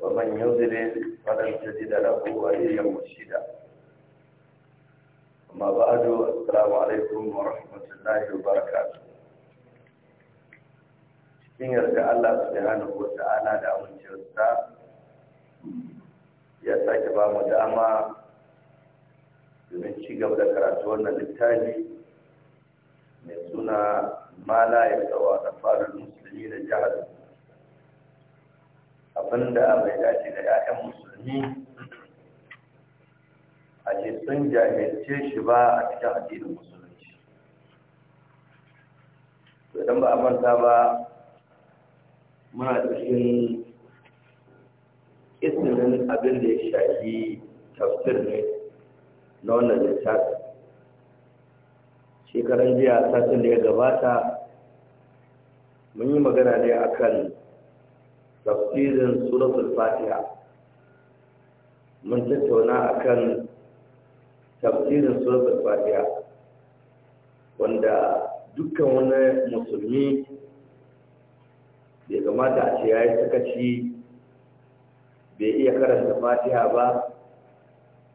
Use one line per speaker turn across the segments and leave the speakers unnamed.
ومن يضلل فلن تجد له وليا مرشدا أما بعد السلام عليكم ورحمة الله وبركاته cikin yarda Allah subhanahu wa ta'ala da amincinsa ya sake ba mu dama domin ci gaba da karatu wannan littafi mai suna mala ya tsawa da musulmi da jihar abinda bai dace da 'ya'yan musulmi a ce sun jahilce shi ba a cikin addinin musulunci to idan ba a manta ba muna cikin isinin abin da ya shafi tafsir ne na wannan littafi shekaran jiya satin da ya gabata mun yi magana ne akan tafsirin suratul fatiha mun tattauna akan tafsirin suratul fatiha wanda dukkan wani musulmi bai kamata a ce ya sakaci bai iya karanta fatiha ba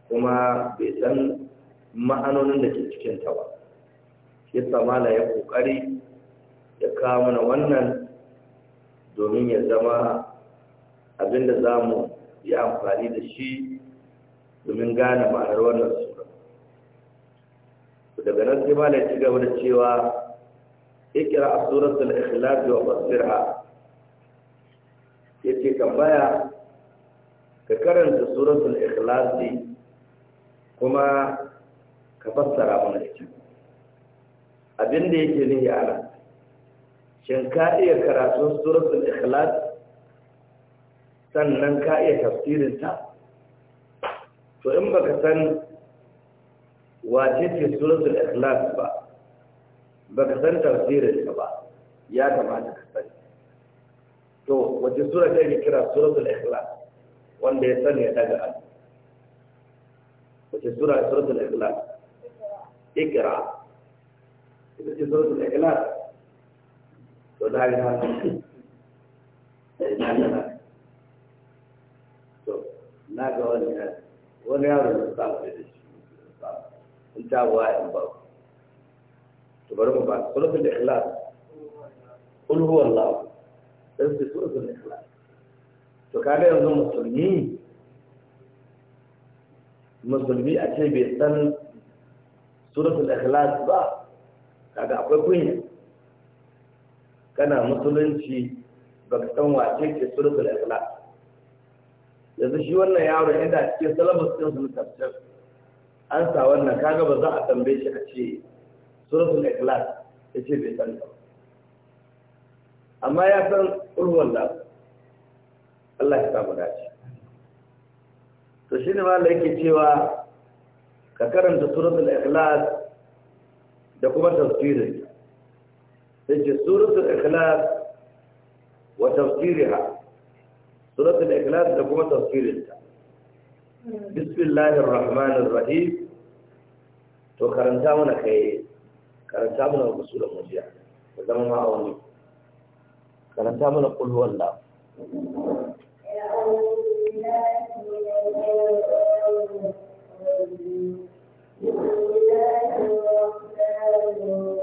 kuma bai san ma'anonin da ke cikinta ba shi ya kokari ya kawo mana wannan domin ya zama abin da za mu yi amfani da shi domin gane ma'anar wannan sura daga nan sai malai ci gaba da cewa ikira a suratul ikhlas wa fasirha ya ce tambaya ka karanta suratul ikhlas kuma ka fassara mana ita da yake ne ya ala shin ka iya karatun suratul ikhlas sannan ka iya ta to in baka san wace ce suratul ikhlas ba baka san ta ba ya kamata ka sani to wace sura ta kira suratul ikhlas wanda ya sani ya daga an wace sura suratul ikhlas ikra ita ce suratul ikhlas tó na na na musulmi musulmi a ce bai san suratul ikhlas ba kaga akwai kunya kana musulunci ba ka san wace ke suratul ikhlas yanzu shi wannan yaro inda cikin syllabus din sun tafsir an sa wannan kaga ba za a tambaye shi a ce suratul ikhlas yace bai san ba amma ya san ulwan da Allah ya samu dace to shi ne malai yake cewa ka karanta suratul ikhlas da kuma tafsirin تجي سورة الإخلاص وتفسيرها سورة الإخلاص لكم تفسيرها بسم الله الرحمن الرحيم وكرنتا من خير كرنتا من رسول مجيء وزمن ما أولي كرنتا من قل هو الله Thank you.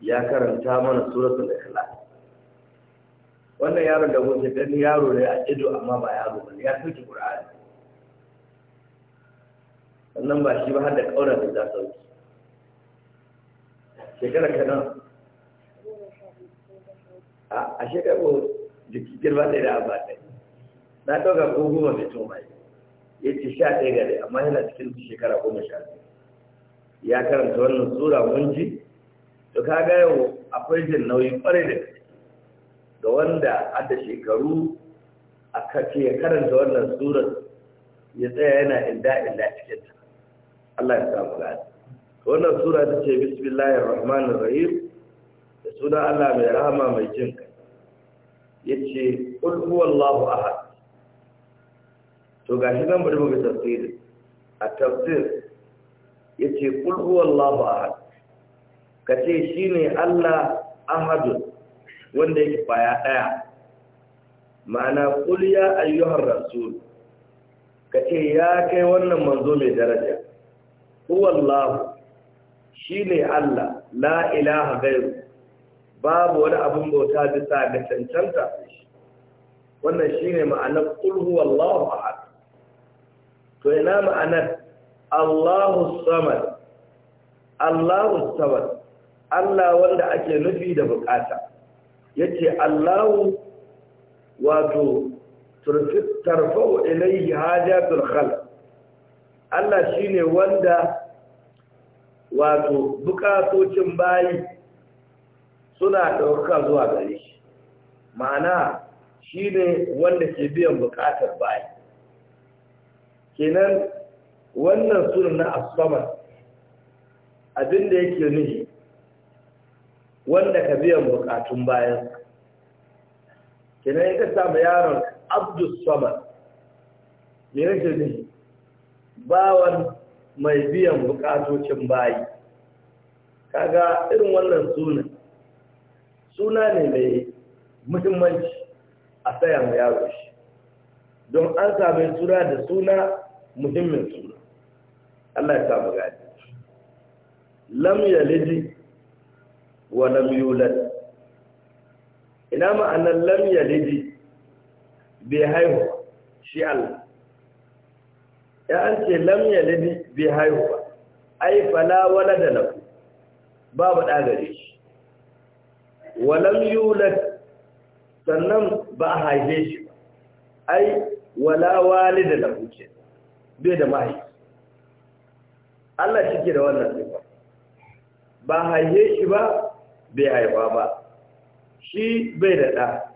ya karanta mana suratul ikhlas wannan yaron da kuke gani yaro ne a ido amma ba yaro ba ya sauke qur'ani Wannan ba shi ba har da kaura da za sauki shekara kana a shekara ko jiki girma ɗaya da abba ɗaya na ɗauka ko goma mai tuma ya ce sha ɗaya gare amma yana cikin shekara goma sha ya karanta wannan sura mun ji to kaga yau akwai jin nauyi kwarai da ga wanda a da shekaru a kace ya karanta wannan surar ya tsaya yana inda inda cikin ta Allah ya samu gani wannan sura ta ce bismillahir rahmanir rahim da suna Allah mai rahama mai jin kai yace qul huwallahu ahad to gashi nan bari mu ga tafsiri a tafsir yace qul huwallahu ahad ka ce shi ne Allah ahadun wanda yake kwaya ɗaya ma'ana kuliya ayyuhar rasul ka ce ya kai wannan manzo mai daraja huwallahu shi ne Allah la ilaha gairu babu wani abin bauta bisa ga cancanta wannan shi ne ma'anar ƙulhu a ahad to ina ma'anar Allahu samad Allahu samad Allah wanda ake nufi da bukata yake Allahu wato tarfa'u ilaihi hajatul khalq Allah shine wanda wato bukatocin bayi suna ɗauka zuwa gare shi ma'ana shine wanda ke biyan bukatar bayi kenan wannan sunan na asaman abinda yake nufi wanda ka biyan bukatun bayan kenan ya kasa ma yaron abdus samad ne nake ne bawan mai biyan bukatocin bayi kaga irin wannan sunan suna ne mai muhimmanci a saya yaro shi don an sami suna da suna muhimmin suna Allah ya samu gani lam yalidi wa lam yulad ina ma'anar lam yalidi bai haihu shi Allah ya an ce lam yalidi bai haihu ba ai fala wala da lahu babu da gare shi wa lam yulad sannan ba a haife shi ba ai wala walida lahu ce bai da mahaifi Allah shi ke da wannan sifa ba haife shi ba bai haifa ba shi bai da ɗa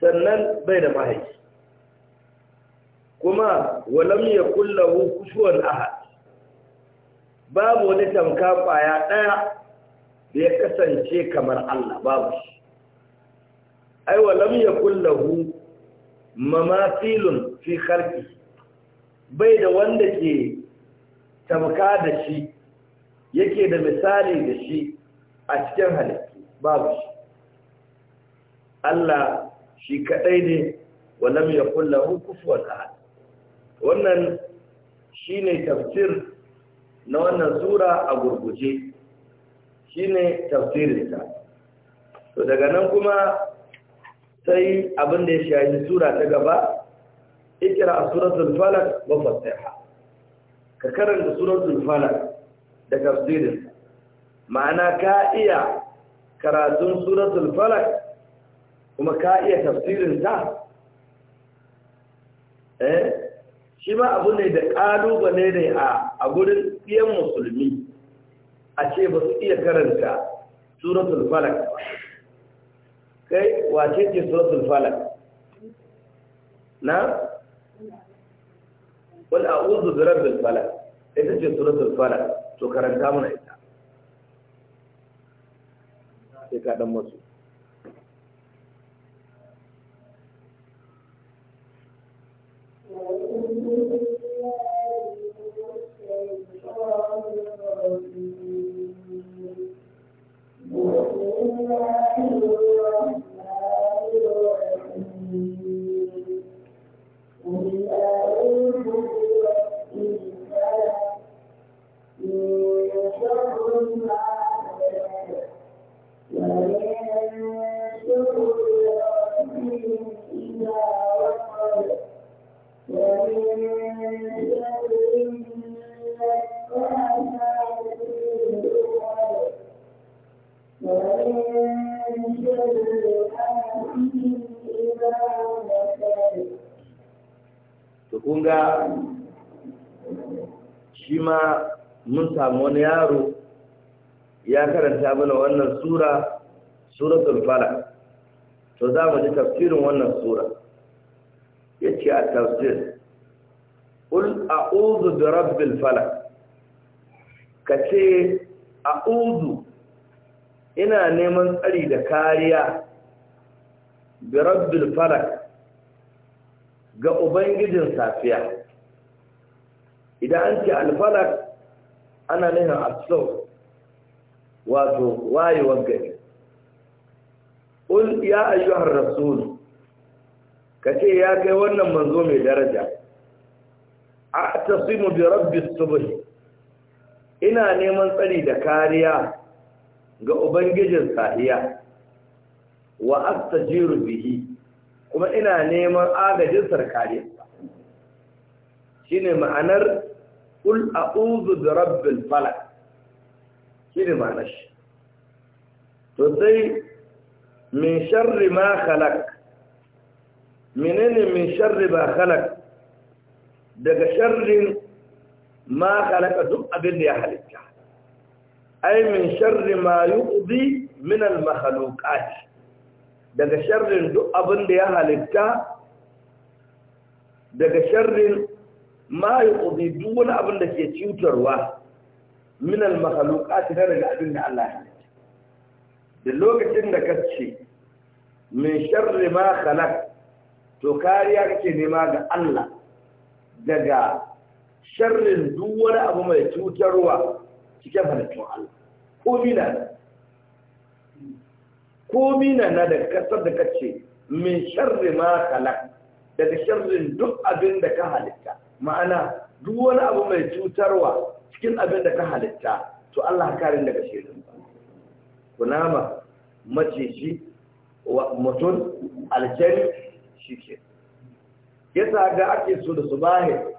sannan bai da mahaifi kuma walam ya kullahu kufuwan ahad babu wani tamka kwaya ɗaya da ya kasance kamar Allah babu shi ai walam ya kullahu mamasilun fi harki bai da wanda ke tamka da shi yake da misali da shi a cikin halittu babu shi Allah shi kadai ne walam yakul lahu kufuwan ahad wannan shine tafsir na wannan sura a gurguje shine tafsirin ta to daga nan kuma sai abin da ya shahi sura ta gaba ikra suratul falaq wa fatiha ka karanta suratul falak da tafsirin ma'ana ka iya karatun suratul falak kuma ka iya tafsirin ta eh shi ma abu ne da ƙalubale ne a a gurin ɗiyan musulmi a ce ba su iya karanta suratul falak kai wace ce suratul falak na wal a'udhu bi rabbil falak ita ce suratul falak to karanta mana ita sai ka dan masu to kun shi ma mun samu wani yaro ya karanta mana wannan sura suratul to za mu ji tafsirin wannan sura Ya ce a tafsir qul a'udhu bi rabbil ce kace a'udhu ina neman tsari da kariya bi rabbil falaq ga ubangijin safiya idan an ce alfalak ana nuna asau wato wayewar gari ƙul ya ayyuhar rasul ka ce ya kai wannan manzo mai daraja a tasimu bi rabbis subhi ina neman tsari da kariya ga ubangijin sahiya wa jiru bihi kuma ina neman agajin sarkari shine ma'anar kul a'udhu bi rabbil falaq shine ma'anar shi to sai min sharri ma khalaq menene min sharri ba khalaq daga sharrin ma halaka duk abin da ya halitta ai min sharri ma yuqdi min al makhluqat daga sharrin duk abin da ya halitta daga sharrin ma yi ƙobi duk wani abin da ke cutarwa minal mahaluka ta daga abin da Allah ya da lokacin da ka ce min sharri ma halak to kariya kake nema ga Allah daga sharrin duk wani abu mai cutarwa cikin halittun Allah ko mina komi na na da kasar da kace min sharri ma khalaq daga sharrin duk abin da ka halitta ma'ana duk wani abu mai cutarwa cikin abin da ka halitta to Allah karin daga shirin kunama maciji mutum aljani shi yasa ga ake so da su bahe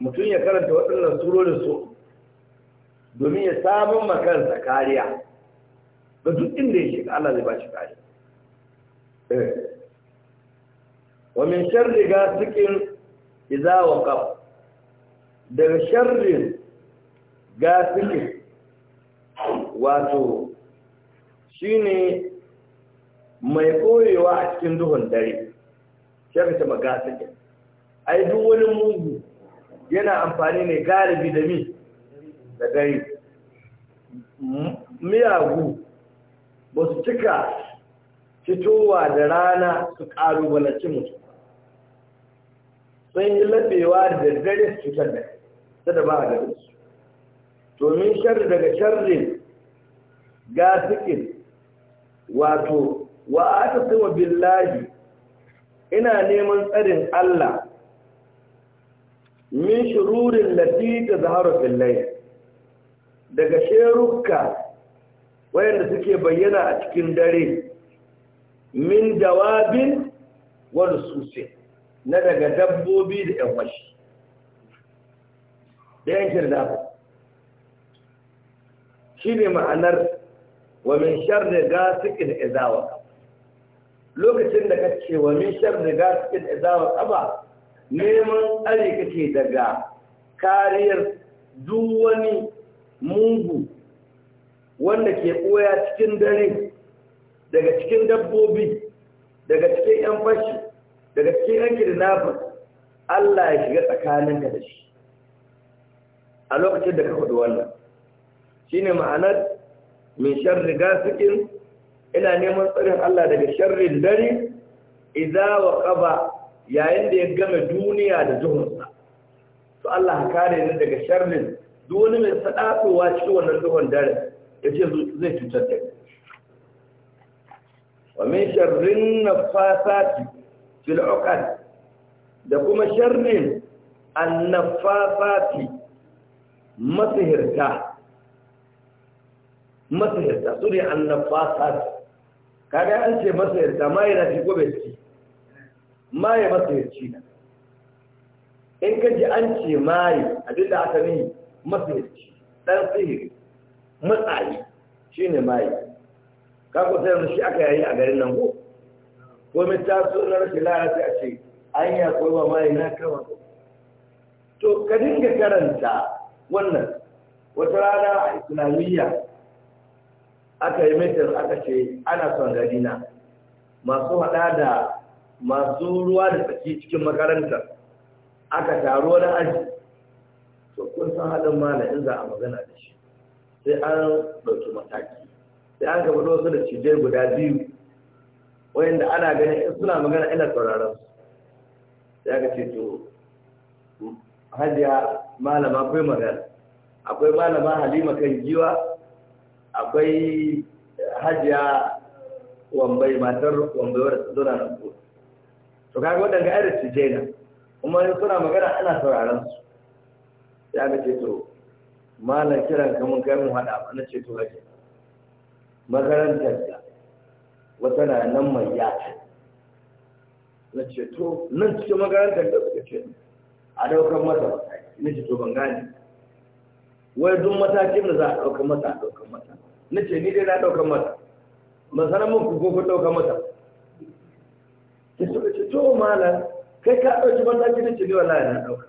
mutum ya karanta waɗannan surorin su domin ya samun makarsa kariya ga duk inda ya shiga Allah zai ba shi kare eh. wa min sharri gasikin idza waqab daga ga gasikin wato shine mai koyewa a cikin duhun dare shaka ta magasikin ai duk wani mugu yana amfani ne galibi da mi da dare miyagu ba su cika fitowa da rana su ƙalubalanci mutu sun yi labewa da dare su cutar da ta da ba a gari su domin sharri daga sharri ga sikin wato wa a ta sama billahi ina neman tsarin Allah min shirurin lati da zaharar billahi daga sherukka wayanda suke bayyana a cikin dare min dawabin wani suse na daga dabbobi da ‘yan washi da yankin dafa shi ne ma'anar wa min shar da gasikin izawa lokacin da kace wa min shar da gasikin izawa kaba neman tsare kake daga kariyar duwani mungu mugu wanda ke ɓoya cikin dare daga cikin dabbobi daga cikin 'yan fashi daga cikin 'yan kidnappers Allah ya shiga tsakaninka da shi a lokacin da ka hudu wannan shi ne ma'anar min sharri gasikin ina neman tsarin Allah daga sharrin dare idza wa qaba yayin da ya game duniya da duhunsa to Allah ka kare ni daga sharrin duk mai sadatowa cikin wannan duhun dare ya ce zai cutar da wa min sharrin nafasati fil uqad da kuma sharrin annafasati masihirta masihirta su ne annafasati kada an ce masihirta ma yana ci gobe ci ma na in kaji an ce maye abinda aka nihi masihirci ɗan sihiri matsayi shi ne mayi kako sai yanzu shi aka yayi a garin nan ko komai ta so na rashin lalata a ce an yi akwai wa mayi na kama to ka dinga karanta wannan wata rana a islamiyya aka yi mitin aka ce ana son gadina masu hada da masu ruwa da tsaki cikin makaranta aka taru wani aji to kun san haɗin mana in za a magana da shi sai an ɗauki mataki sai an gaba da wasu da cijai guda biyu wayanda ana ganin in suna magana ina sauraron su sai aka ce to hajiya malama akwai magana akwai malama halima kan giwa akwai hajiya wambai matar wambai wadda su zura nan ko to kaga waɗanda ga da cijai na kuma suna magana ana sauraron su sai aka ce to malam kiran ka mun kai mun hada ba na ce to rage makarantar da wata na nan mai ya na ce to nan cikin makarantar da suka ce a daukar mata mataki na ce to ban gane wai duk matakin da za a daukar mata a daukar mata na ce ni dai na daukar mata masana mun ku gogo daukar mata ta suka ce to malam kai ka dauki mataki na ce ni wallahi na dauka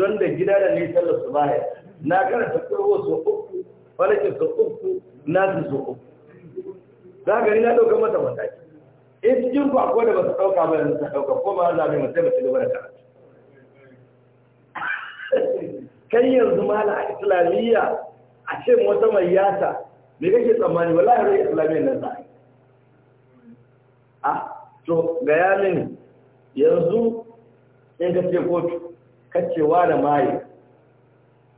don da gida da nisan da su baya na karanta kurwa sau uku falakin sau uku na su sau uku za gani na ɗauka mata mataki in cikin ku akwai da ba su ɗauka ba yanzu ta ɗauka ko ba za mu mutai mace gaba da karatu kai yanzu mala a islamiyya a ce wata mai yasa me kake tsammani wallahi rai islamiyya nan za a to ga yamin yanzu in ka ce kotu kacewa da maye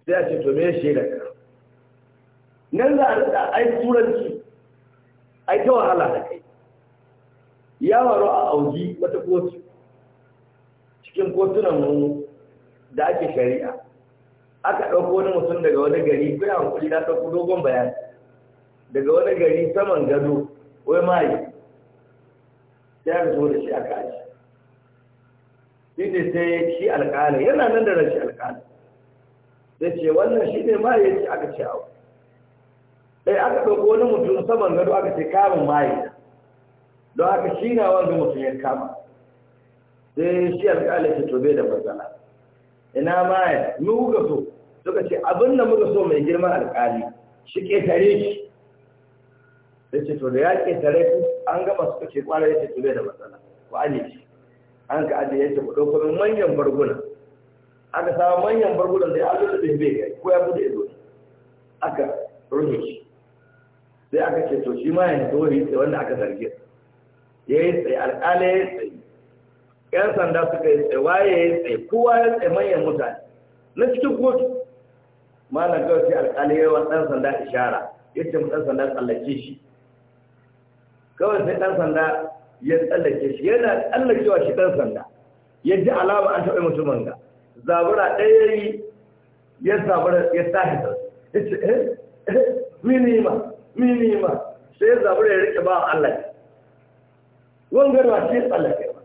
sai a ce to me da ka nan za a rika ai turanci ai ta wahala da kai ya waro a auji wata kotu cikin kotunan mu da ake shari'a aka ɗauko wani mutum daga wani gari kai hankuli na ɗauko dogon bayani daga wani gari saman gado wai mai sai aka zo da shi aka kaji shi ne sai shi alƙalai yana nan da rashi alƙalai da ce wannan shi ne maye ce aka ce awo sai aka ɗauko wani mutum saman gado aka ce kamun mai don haka shi na wanda mutum ya kama sai shi alƙalin ce tobe da matsala ina maye mu ga so suka ce abin da muka so mai girman alƙali shi ƙetare shi da ce to da ya ƙetare ku an gama suka ce kwanar ya ce tobe da matsala ku aje shi an ka ajiye ya ce ku ɗauko manyan barguna aka samu manyan bargunan da ya allo da bai gai ko ya bude ido aka rufe shi sai aka ce to shi ma ya hito wani tsaye wanda aka zarge ya yi tsaye alƙalai ya yi tsaye yan sanda suka yi tsaye waye ya yi tsaye kowa ya tsaye manyan mutane na cikin kotu mana kawai sai alƙalai ya wa ɗan sanda ishara ya ce mu ɗan sanda tsallake shi kawai sai ɗan sanda ya tsallake shi yana tsallakewa shi ɗan sanda ya ji alama an taɓa mutumin ga zabura ɗaya yi ya zabura ya tahi da ya ce eh, eh minima minima sai ya zabura ya rike ba Allah wangar ba shi tsallake ba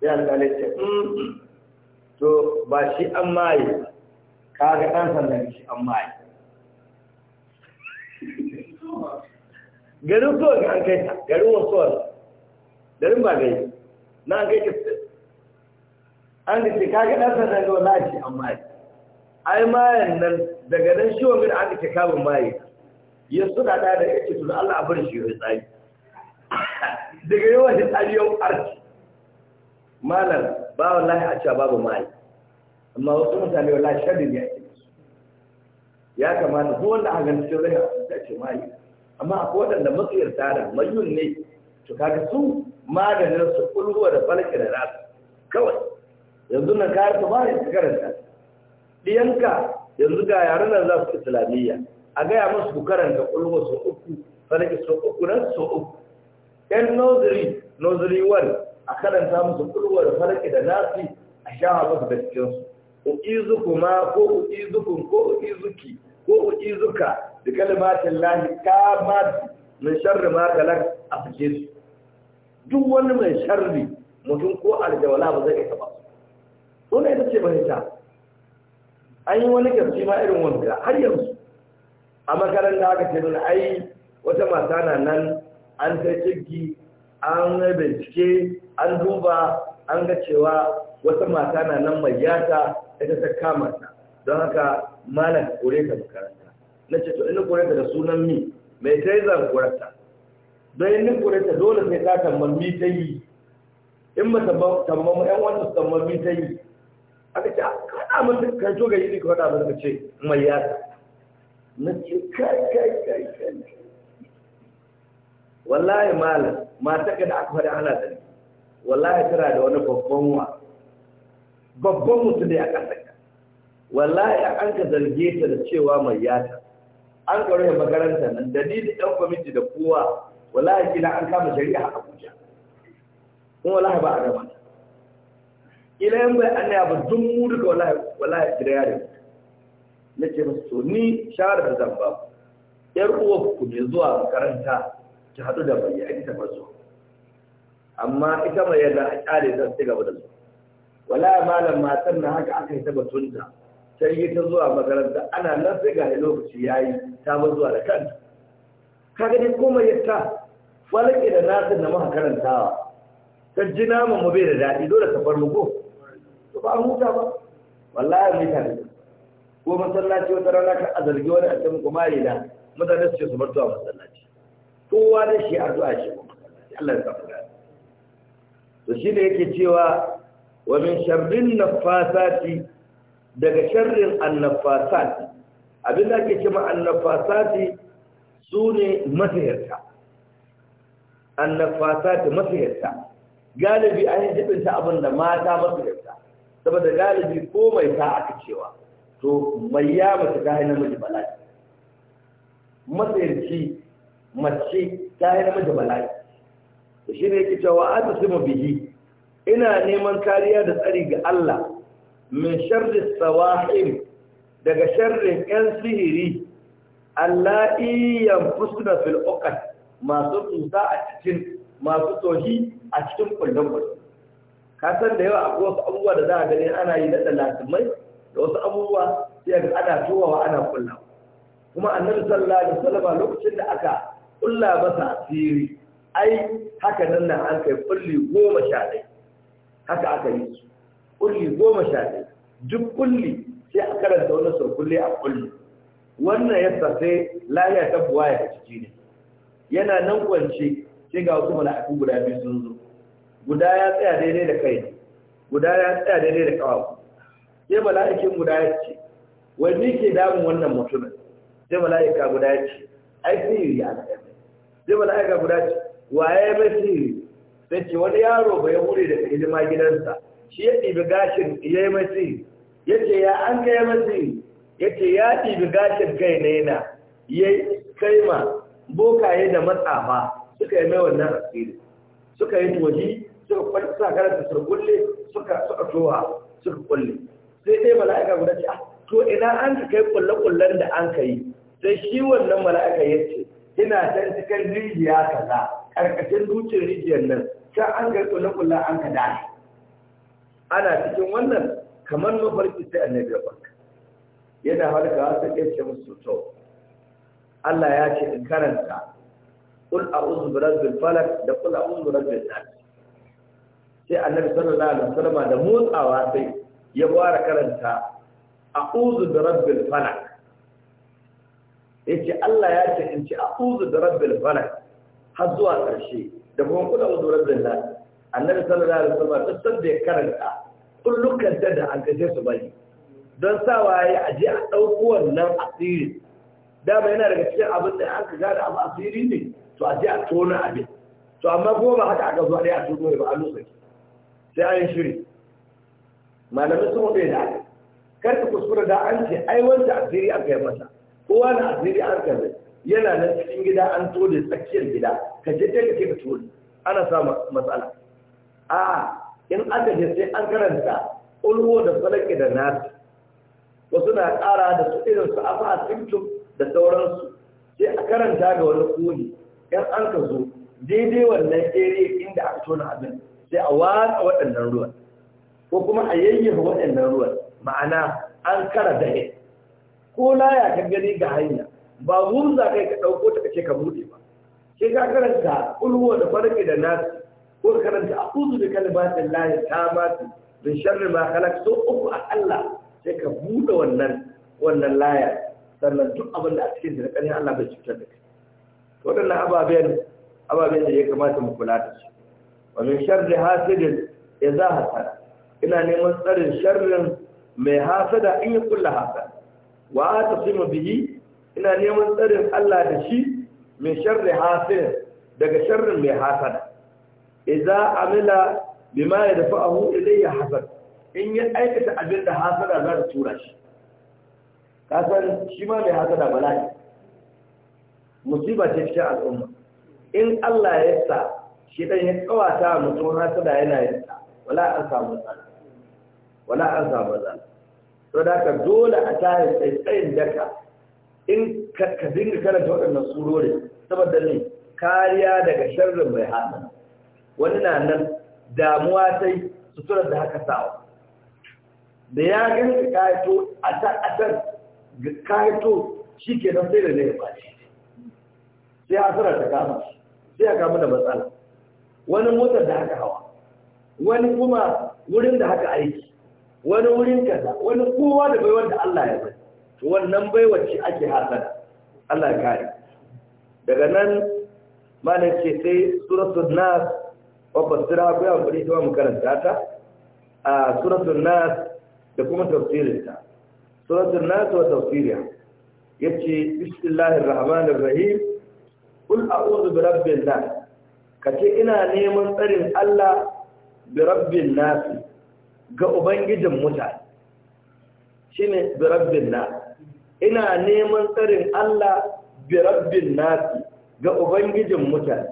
ya alƙalai ce to ba shi an maye ga ɗan sandan shi an maye garin ga an kai ta garin wasuwar garin ba gai na an kai ta an da ce kage ɗan sannan ga wala ake an maye ai mayan nan daga nan shi wa an da ke kamun mai ya suna ɗaya da yake tuna Allah a bar shi ya tsari daga yawan shi tsari yau arki malam ba wallahi a cewa babu mai amma wasu mutane wallahi shaddin ya ce ya kamata ko wanda aka ganin cikin rai a ce mai amma akwai waɗanda matsayar da mayun ne to kaga su maganin su kulhuwa da falke da rasu kawai yanzu na kayar ta bari su karanta ɗiyanka yanzu ga yaran nan za su islamiyya a gaya musu ku karanta ƙulwa sau uku falaki sau uku nan sau uku ɗan nozari nozari wani a karanta musu ƙulwa da falaki da nasi a sha musu da cikinsu u'izu kuma ko u'izukum ko u'izuki ko u'izuka da kalmatin lahi ta ma min sharri ma kalar a fice su duk wani mai sharri mutum ko aljawala ba zai isa ba wannan ita ce mahita an yi wani gafi ma irin wanda har yanzu a makaranta aka ce nuna ai wata mata na nan an ta jirgi an bincike an duba an ga cewa wata mata na nan mai yata ita ta kama ta don haka malam kore ta makaranta na ce to ina kore ta da sunan mi mai ta yi ta? don yin kore ta dole sai ta tambar mi ta yi in ba tambar mu yan wata tambar mi ta yi aka ce kada mun kai to gaji ka faɗa mun ce mai yasa na ce kai kai kai kai wallahi malam mata ka da aka fara ana da wallahi tana da wani babban wa babban mutum ne a ƙasa ka wallahi an ka zarge ta da cewa mai yasa an ka rufe makaranta nan da ni da ɗan kwamiti da kowa wallahi kila an kama shari'a a Abuja kuma wallahi ba a gaba ila yan bai an ya ba dun mu duka wallahi wallahi gida yare na ce musu to ni shawara da zan ba yar uwa ku ne zuwa makaranta ki haɗu da mai yaƙi ta masu amma ita mai yadda a ƙare zan ci gaba da su wallahi malam matan na haka aka yi ta sai yi ta zuwa makaranta ana nan sai ga lokaci yayi ta ba zuwa da kanta Ka gani komai mai ta falake da nasin na makarantawa karantawa ji mu bai da daɗi dole ka bar mu ko to ba an huta ba wallahi mai ne ko masallaci wata rana kan a wani a cikin kuma da mutane su ce su bar a masallaci kowa da shi zuwa shi masallaci Allah ya kafa gani to shi ne yake cewa wa min sharrin nafasati daga sharrin annafasati abin da ake cewa annafasati su ne masayarta annafasati masayarta galibi an yi jibinta abin da mata masayarta saboda galibi ko mai ta aka cewa to mai ya mace ta yi namiji bala'i matsayarci mace ta yi namiji bala'i da shi ne yake cewa an ta bihi ina neman kariya da tsari ga Allah min sharri sawahim daga sharrin 'yan sihiri Allah iyan fusna fil masu tusa a cikin masu tohi a cikin kullum kullum ka san da yawa akwai wasu abubuwa da za a gani ana yi na latimai da wasu abubuwa sai ga ana towawa ana kulla kuma annabi sallallahu alaihi wasallam lokacin da aka kulla masa asiri ai haka nan nan an kai kulli goma sha haka aka yi su kulli goma sha duk kulli sai a karanta wani sau kulli a kulli wannan ya sai lahiya ta buwaya ya ciki ne yana nan kwance sai ga wasu mala'iku guda biyu sun zo guda ya tsaya daidai da kai guda ya tsaya daidai da kawo sai mala'ikin guda ya ce wai ni ke damun wannan mutumin sai mala'ika guda ya ce ai sihiri ya na sai mala'ika guda ya ce waye mai sihiri sai ce wani yaro bai hure daga hidima gidansa shi ya ɗibi gashin ya yi mai sihiri ya ce ya an ya mai sihiri ya ce ya ɗibi gashin kai na yana ya kai ma bokaye da matsafa suka yi mai wannan asiri suka yi tuwaji suka kwalli suka karanta suka kulle suka suka towa suka kwalli sai dai mala'ika guda ce ah, to ina an ka kai kulle kullan da an kai sai shi wannan mala'ika ya ce ina can cikin rijiya kaza karkashin dutsen rijiyar nan can an kai kulle kullan an ka dace ana cikin wannan kamar mafarki sai annabi ya farka yana halka sai ya ce musu to Allah ya ce in karanta قل أعوذ برب الفلك ده قل أعوذ برب الناس sai annabi sallallahu alaihi wasallam da motsawa sai ya fara karanta a'udhu bi rabbil falaq yace Allah ya ce in ci a'udhu bi rabbil falaq har zuwa karshe da kuma kula da rabbil nas annabi sallallahu alaihi wasallam duk sanda karanta kullukan ta da an kace su bari don sawa ya aje a dauko wannan asiri dama yana daga cikin abin da aka da abu asiri ne to aje a tona abin to amma kuma ba haka aka zo dai a tono ba a lokaci sai an shiri malamin sun wuce da aka kar ka da an ce ai wanda asiri an kai masa kowa na asiri an kai yana nan cikin gida an tole tsakiyar gida ka je ta ka ka tole ana sa matsala a in aka je sai an karanta ulwo da falaki da nasu wasu na ƙara da su irin su afa a cikin da sauransu sai a karanta ga wani koli yan an ka zo daidai wannan area inda aka tona abin sai a wata waɗannan ruwan ko kuma a yayyafa waɗannan ruwan ma'ana an kara dahe ko laya ka gani ga hanya ba za kai ka ɗauko ta kace ka buɗe ba sai ka karanta ulwa da farke da nasu ko ka karanta a kuzu da kalimatin layi ta mati bin sharri ma halak so uku a Allah sai ka buɗe wannan wannan laya sannan duk abin da a cikin da Allah bai cutar da kai waɗannan ababen ababen da ya kamata mu kula da su wa sharri hasidin a hasada ina neman tsarin sharrin mai hasada in ya kulla hasada wa a atasimu biyi, ina neman tsarin Allah da shi mai sharri hasidin daga sharrin mai hasada idza amila bima yadfa'uhu ya hasad in ya aikata abin da hasada za ta tura shi kasar shi ma mai hasada bala'i musiba ce cikin al'umma in Allah ya sa shi dan ya kawata mutum hasada yana yin ta wala an samu tsala wala an samu tsala to da ka dole a tayin tsaitsayin daka in ka dinga karanta waɗannan surori saboda ne kariya daga sharrin mai hana wani na nan damuwa sai suturar da haka sawa da ya gani ka kayato a ta'atar ga kayato shi ke nan sai da ne ya shi sai hasarar ta kama sai ya kama da matsala wani motar da haka hawa wani kuma wurin da haka aiki wani wurin kaza wani kowa da baiwar da Allah ya bai to wannan baiwar ce ake hasada Allah ya kare daga nan malam ce sai suratul nas wa fasira ko ya kuri ta mu karanta ta a suratul nas da kuma tafsirin ta suratul nas wa tafsiriha yace bismillahir rahmanir rahim qul a'udhu bi rabbil ka ce ina neman tsarin Allah bi rabbin nasi ga ubangijin mutane shine bi rabbin nasi ina neman tsarin Allah bi rabbin nasi ga ubangijin mutane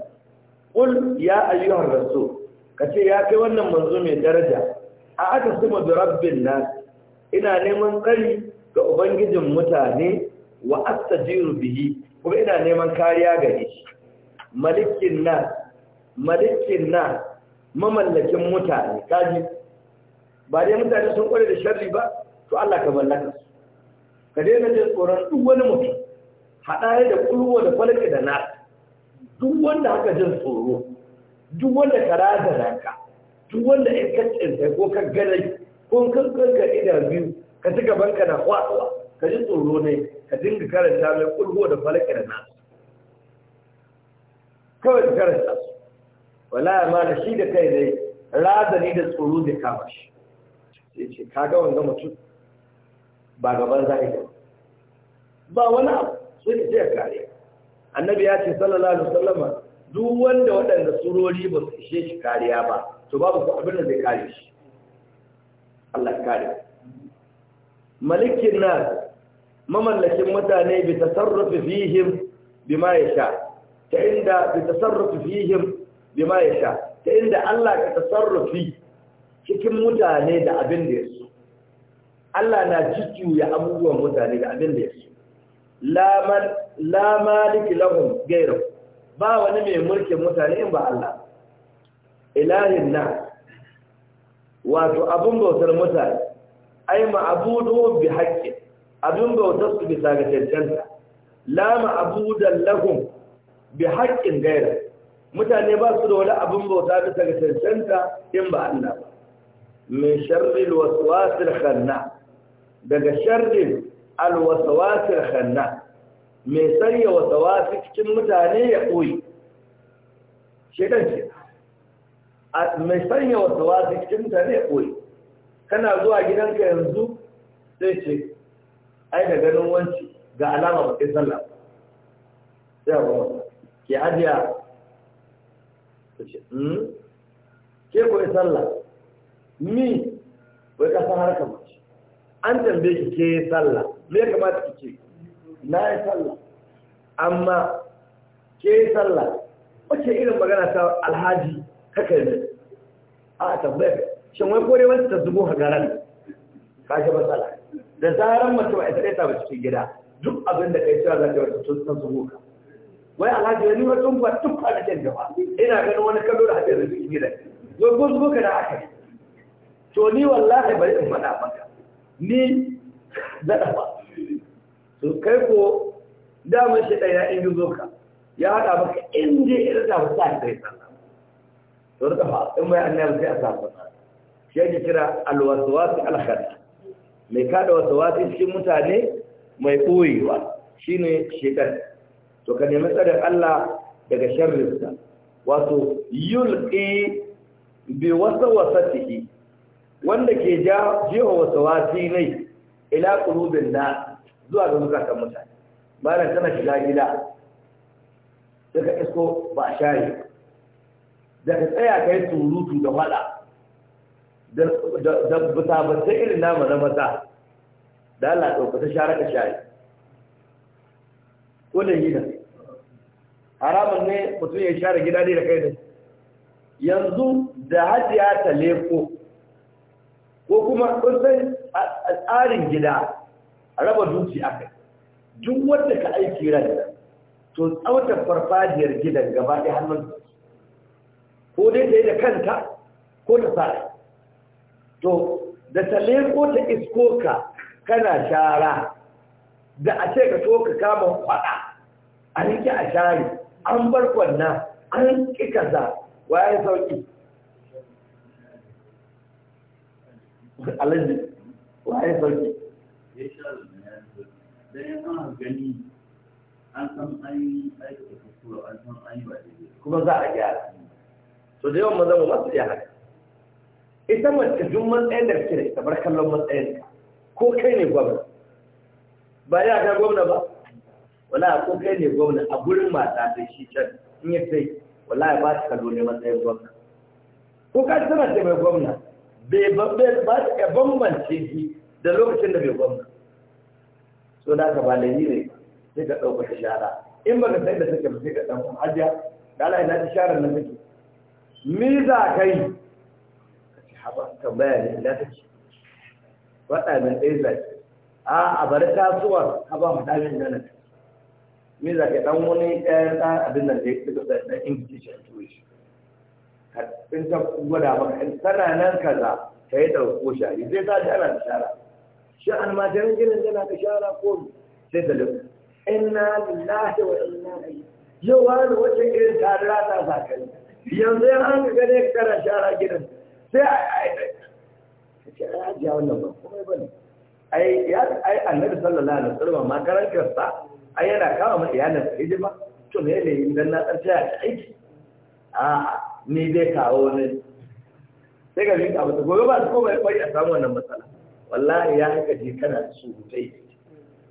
qul ya ayyuhar rasul kace ya kai wannan manzo mai daraja a aka suma bi rabbin nasi ina neman tsari ga ubangijin mutane wa astajiru bihi kuma ina neman kariya ga shi malikin nas malikin na mamallakin mutane kaji ba dai mutane sun kware da sharri ba to Allah ka mallaka su ka na jin tsoron duk wani mutum haɗaya da kulwa da falaka da na duk wanda haka jin tsoro duk wanda ka da ka duk wanda in ka tsinta ko ka gane ko kan kanka ida biyu ka ci gaban ka na kwatsuwa ka ji tsoro ne ka dinga karanta mai kulwa da falaka da na kawai karanta su wala ma da shi da kai zai razani da tsoro da kama shi sai ce kaga wanda mutum ba gaban zai ga ba wani abu sai ce kare annabi ya ce sallallahu alaihi wasallama duk wanda waɗanda surori ba su ishe shi kariya ba to babu ku abin da zai kare shi Allah kare malikin nan, mamallakin mutane bi tasarrufi fihim bima yasha ta inda bi tasarrufi fihim bima ya sha ta inda Allah ka tasarrufi cikin mutane da abin da ya so Allah na jujjuya abubuwan mutane da abin da ya so la maliki lahum gairu ba wani mai mulkin mutane in ba Allah ilahin na wato abin bautar mutane ai ma'abudu bi haƙƙin abin bautar su bisa ga cancanta la abudan lahum bi haƙƙin gairu mutane ba su da wani abin bauta bisa ga cancanta in ba Allah ba min sharril waswasil khanna daga sharril alwaswasil khanna mai sanya wasawasi cikin mutane ya koyi shedan ce mai sanya wasawasi cikin mutane ya koyi kana zuwa gidanka yanzu sai ce ai da ganin wanci ga alama ba kai sallah sai ba ke ajiya ta ce hmm? ke ko sallah ni wai ka san harkar mace an tambaye ki ke sallah me ya kamata ki ce na yi sallah amma ke sallah wace irin magana ta alhaji kaka yi a tambayar Shan wai kore wani ta zubo garan ka shi matsala da zaran mace ba ita ta ba cikin gida duk abin da yi cewa za ta wata tun san zubo ka wai alhaji wani wani sun kwa duk kwanakin gaba ina ganin wani kallo da hajjar da suke gida wai ko zuwa ka da haka to ni wallahi bari in faɗa maka ni zaɗa ba to kai ko damar shi ɗaya in gizo ka ya haɗa maka inda ya rata ba sa kai sana to rata ba in mai annabi sai a sa sana shi yake kira alwaswasi alkhada mai kada waswasi cikin mutane mai ɓoyewa shine shekaru to ka nemi tsarin Allah daga sharrinsa wato yulqi bi wasawasatihi wanda ke ja jiho wasawasi ne ila qulubin da zuwa ga zukatan mutane bayan kana shiga gida daga isko ba a shayi daga tsaya ka kai surutu da fada da bisa irin nama na maza da Allah ɗaukata shara ka shayi ko da gida haramun ne mutum ya share gida ne da kai da yanzu da hajiya ta leko ko kuma kusan a tsarin gida a raba duki aka duk wanda ka aiki ran to tsawata farfajiyar gidan gaba ɗaya hannun ko dai ta yi da kanta ko ta sa to da ta leko ta iskoka kana shara da a ce ka so ka kama kwada an ki a share an bar kwanna an ki kaza waye sauki alaji waye sauki da ya ma an an yi aiki da yi kuma za a gyara so da yawan maza masu iya haka ita mace duk matsayin da kake da ita bar kallon matsayin ko kai ne gwamna ba ya kan gwamna ba wala ko kai ne gwamna a gurin mata da shi can in ya sai wala ya ba ta kallo ne matsayin gwamna ko ka tana ce mai gwamna bai ba ta ka bambance shi da lokacin da bai gwamna so da ka ba ne sai ka ɗauka ta shara in ba ka sai da take ba sai ka ɗan kuma hajiya da ala ina ta shara na take mi za ka yi ka ce haɓa tambaya ne ina take faɗa min ɗaya zai a a bari kasuwar haɓa mu ɗamin nan me za ka dan wani ɗayan ɗan abin nan da ya fito da ɗan invitation to shi ka in ka gwada maka in tana nan kaza ka yi ɗauko shari zai sa shi ana shara shi an ma jarin gidan tana ka shara ko sai ta duk inna lillahi wa inna ilaihi yau wani wacce irin tarira ta sa kai yanzu ya an ka gane kana shara gidan sai a yi ka ce a yi wannan ba kuma ba ne ai annabi sallallahu alaihi wasallam makarantar sa A yana kama mata yanar da hidima to ne ne idan na tsarci a ta aiki a ni zai kawo ne sai ga mika ta gobe ba su koma ya kwari a samu wannan matsala wallahi ya haka je kana da hutai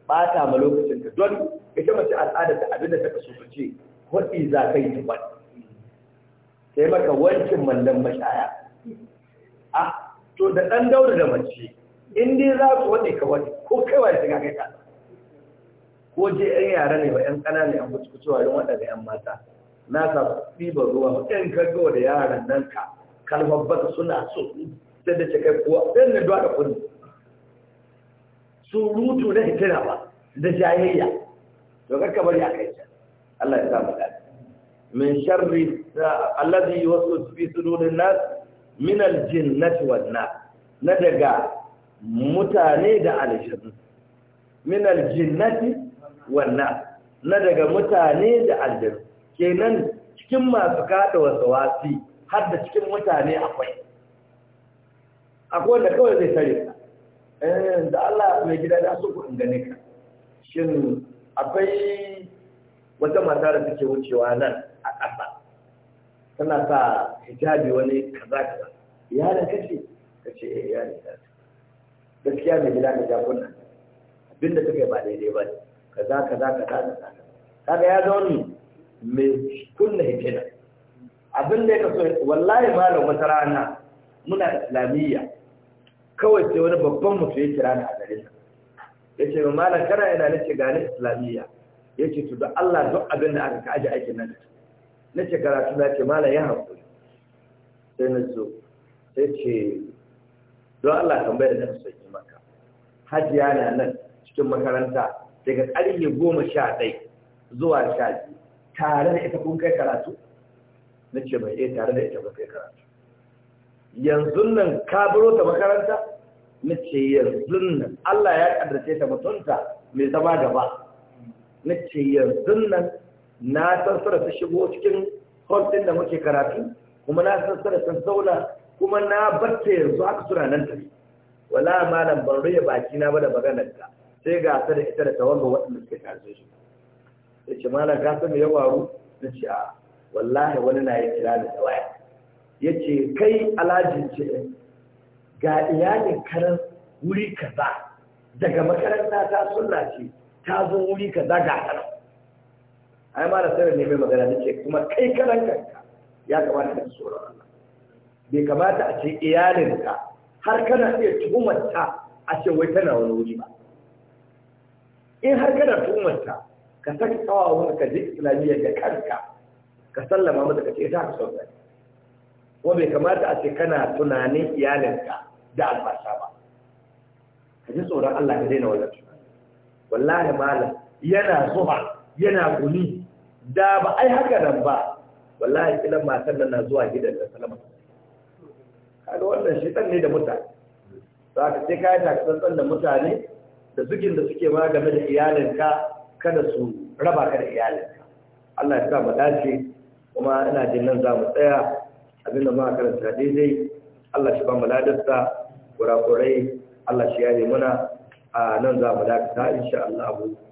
ba ta ma lokacin ka don ita mace al'ada ta abinda ta kasu su ce kwaɗi za ka yi ta kwaɗi sai maka wancin mallan mashaya a to da ɗan daura da mace in dai za ku wani ka wani, ko kai wani ya shiga kai ka ko je ɗan yara ne ba yan ƙanana yan kucikucewa don waɗanda ɗan mata na ka ɗiba ruwa ɗan kago da yaran nan ka kalmar baka suna so sai da cikai kuwa ɗan da da kuni su rutu na hitina ba da jayayya to ka bari a kai Allah ya samu daɗi min sharri alladhi yuwaswisu fi sudurin nas min aljinnati wan nas na daga mutane da aljinnu min aljinnati wannan na daga mutane da aljir kenan cikin masu kada wasu wasi har da cikin mutane akwai akwai wanda kawai zai tare ka eh, da Allah mai gida da su ku ingane ka shin akwai wata mata da take wucewa nan a ƙasa tana sa hijabi wani kaza kaza da kace kace eh yaron kace gaskiya mai gida da jakunan abinda take ba daidai ba ne kaza kaza kaza kaza kaga ya zama ne mai kunna hikima abin da ya kaso wallahi malam wata rana muna islamiyya kawai sai wani babban mutum ya kira ni a garin ya ce ma malam kana ina nace ga ni islamiyya ya ce to da Allah duk abin da aka aje aikin nan ce karatu na ce malam ya hankali sai na zo ya ce don Allah tambayar da na so maka hajiya na nan cikin makaranta daga ƙarfe goma sha ɗai zuwa sha biyu tare da ita kun kai karatu na ce mai iya eh, tare da ita kun kai karatu yanzu nan ka biro ta makaranta na ce yanzu nan Allah ya ƙaddace ta mutunta mai zama gaba na ce yanzu nan na san sara ta shigo cikin ɗin da muke karatu kuma na san sara ta zauna kuma na batta yanzu haka suna nan tafi wala malam ban rage baki na ba da maganar ta sai ga ta da ita da tawalla waɗanda suka tarbe shi ya ce mana ka san me ya waru na ce a wallahi wani na yi kira da waya ya ce kai alajin ce ga iyalin karan wuri kaza daga makaranta ta sunna ce ta zo wuri kaza ga kanan ai ma da ne mai magana na ce kuma kai kanan kanka ya kamata ka tsoron Allah bai kamata a ce iyalinka har kana iya tuhumarta a ce wai tana wani wuri ba in har kana tumarta ka saki tsawawar ka je islamiyya da kanka ka sallama mata ka ce ta ka sauka ko bai kamata a ce kana tunanin iyalinka da albasa ba ka ji tsoron Allah ka daina wannan tunani wallahi malam yana zuwa yana guni da ba ai haka nan ba wallahi kilan matan nan na zuwa gidan da salama kaga wannan shi ne da mutane za ka sai ka yi takasantsan da mutane da da suke ma game da iyalinka kada su raba ka da iyalinka Allah ya sa mu dace kuma ina jin nan za mu tsaya abinda ma karanta daidai Allah shi ba mu ladarsa kurakurai Allah shi yare muna a nan za mu dakata insha Allah abu